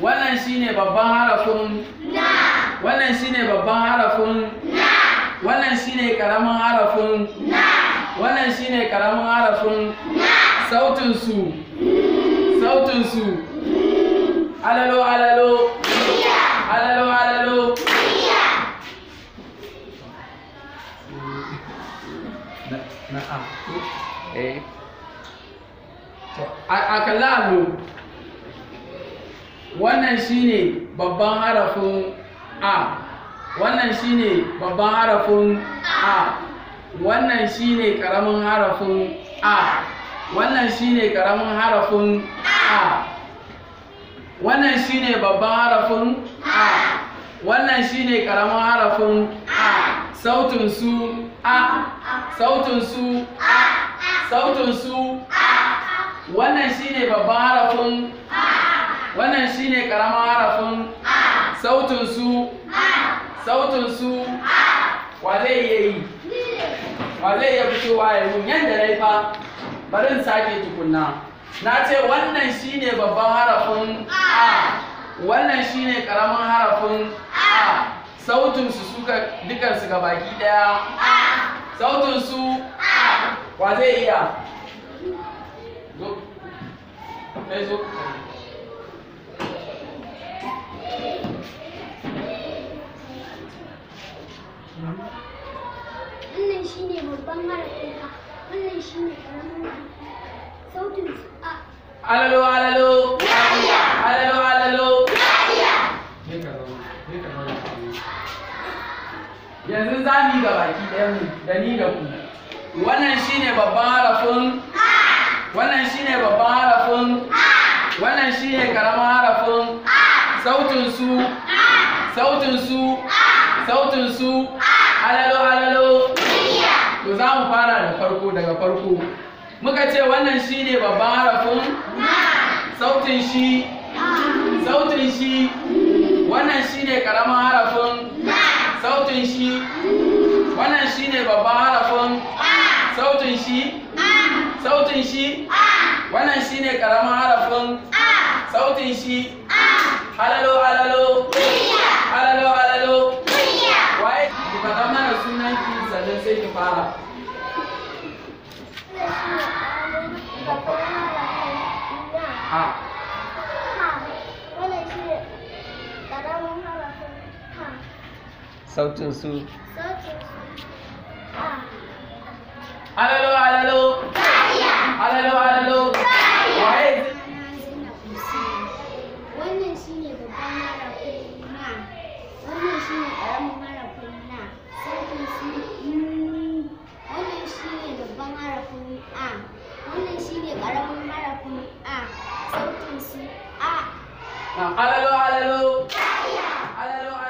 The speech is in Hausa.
wannan shine babban harafin na wannan shine babban harafin na wannan shine karamin harafin na wannan shine karamin harafin na sautin su sautin su alalo alalo alalo alalo na ah. eh. a eh a kallalo wannan shine babban harafin a wannan shine babban harafin a wannan shine karamin harafin a wannan shine karamin harafin a wannan shine babban harafin a wannan shine karamin harafin a sautin su a sautin su a sautin su A. wannan shine babban harafin a wannan shine karama harafin sautin su sautin su wa zai iya yi wa zai iya wa ya yi yadda na yi fa bari in sake tukunna na ce wannan shine babban harafin a wannan shine ƙaramin harafin a sautin su suka dukan su ga baki daya sautin su wa zai iya zo wannan shine babban harafin ka wannan shine karamin harafin sautin a alalo alalo alalo alalo yanzu za mu yi ga baki ɗayan mu da ni da ku wannan shine babban harafin wannan shine babban harafin wannan shine karamin harafin sautin su sautin su sautin su alalo alalo to za mu fara da farko daga farko muka ce wannan shi ne babban harafin sautin shi sautin shi wannan ne karamin harafin sautin shi wannan shi ne babban harafin sautin shi sautin shi wannan ne karamin harafin sautin shi halalo halalo faɗa sunan ki sannan sai ki fara ha sautin su alalo alalo alalo alalo waye wannan shine babban mara kuma wannan shine karamin mara 嗯，我们心里这帮还是红啊，我们心里个人还是红啊，走正西啊。那阿阿阿